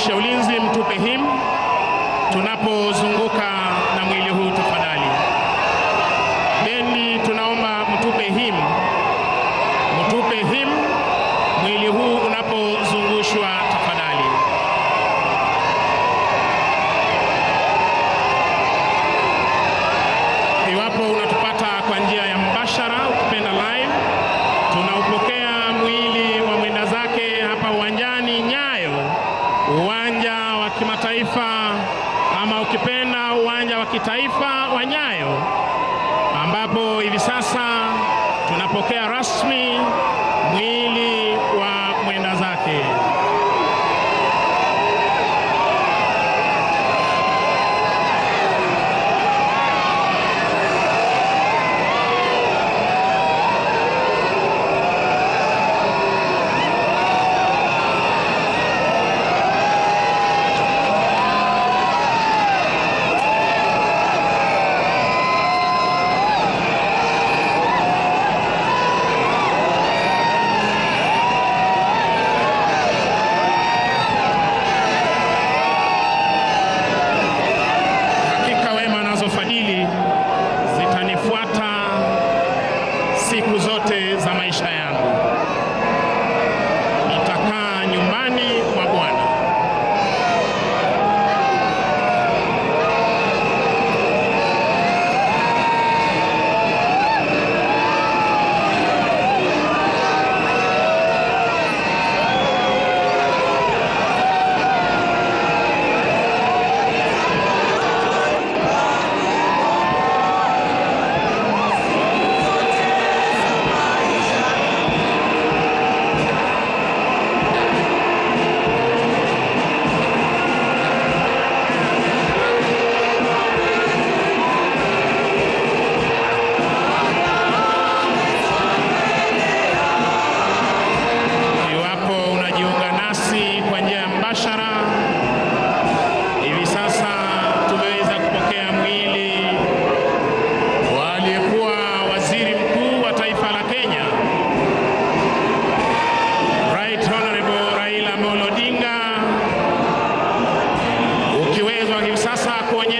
kuimarisha ulinzi mtupe him tunapozunguka wa kitaifa wa Nyayo, ambapo hivi sasa tunapokea rasmi mwili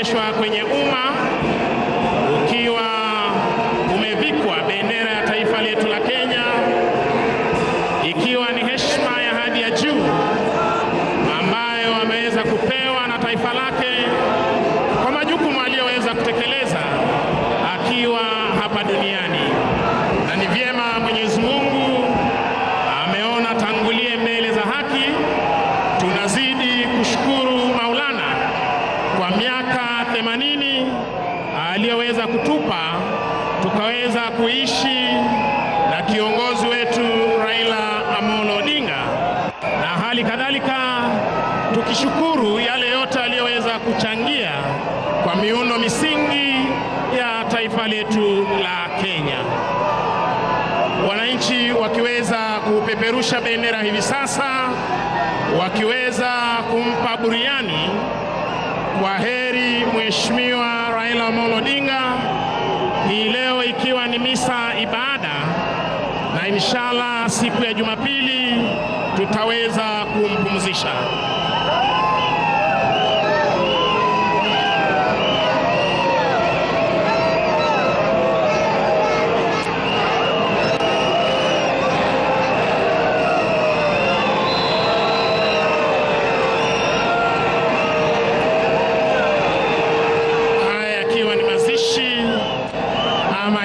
kuorodheshwa kwenye tukishukuru yale yote aliyoweza kuchangia kwa miundo misingi ya taifa letu la Kenya. Wananchi wakiweza kupeperusha bendera hivi sasa, wakiweza kumpa buriani kwa heri Mheshimiwa Raila Amolo Odinga, hii leo ikiwa ni misa ibada, na inshallah siku ya Jumapili tutaweza kumpumzisha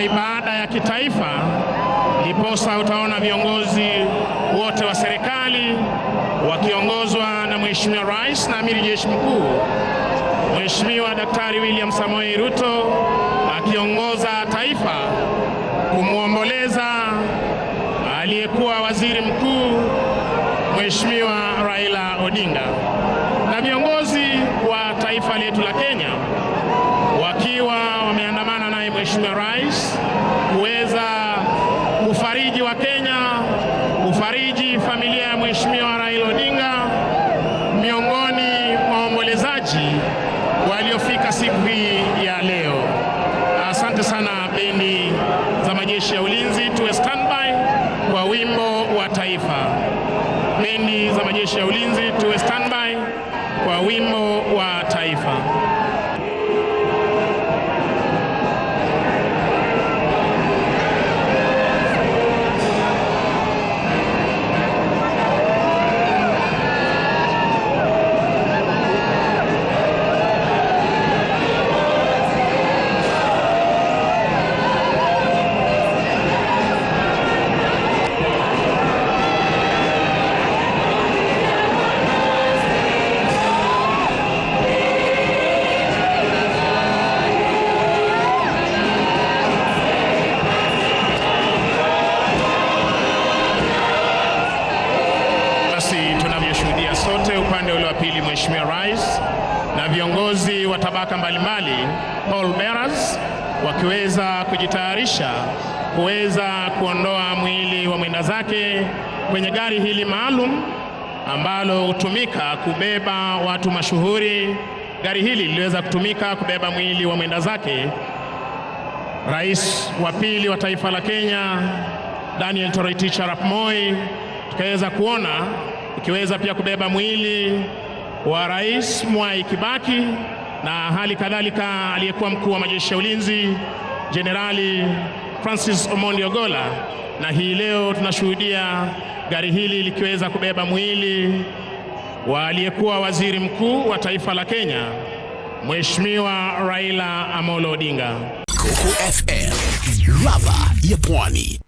ibada ya kitaifa ndiposa utaona viongozi Jeshi na Amiri Jeshi Mkuu Mheshimiwa Daktari William Samoei Ruto akiongoza taifa kumwomboleza aliyekuwa waziri mkuu Mheshimiwa Raila Odinga na viongozi wa taifa letu la Kenya wakiwa wameandamana naye Mheshimiwa Rais kuweza kufariji wa Kenya, kufariji familia ya Mheshimiwa Raila Odinga. wimbo wa taifa. Bendi za majeshi ya ulinzi tuwe standby kwa wimbo wa taifa. Mheshimiwa Rais na viongozi wa tabaka mbalimbali Paul bearers wakiweza kujitayarisha kuweza kuondoa mwili wa mwenda zake kwenye gari hili maalum ambalo hutumika kubeba watu mashuhuri. Gari hili liliweza kutumika kubeba mwili wa mwenda zake rais wa pili wa taifa la Kenya Daniel Toroitich arap Moi, tukaweza kuona ikiweza pia kubeba mwili wa Rais Mwai Kibaki na hali kadhalika aliyekuwa mkuu wa majeshi ya ulinzi Jenerali Francis Omondi Ogola, na hii leo tunashuhudia gari hili likiweza kubeba mwili wa aliyekuwa waziri mkuu wa taifa la Kenya Mheshimiwa Raila Amolo Odinga. Coco FM, ladha ya Pwani.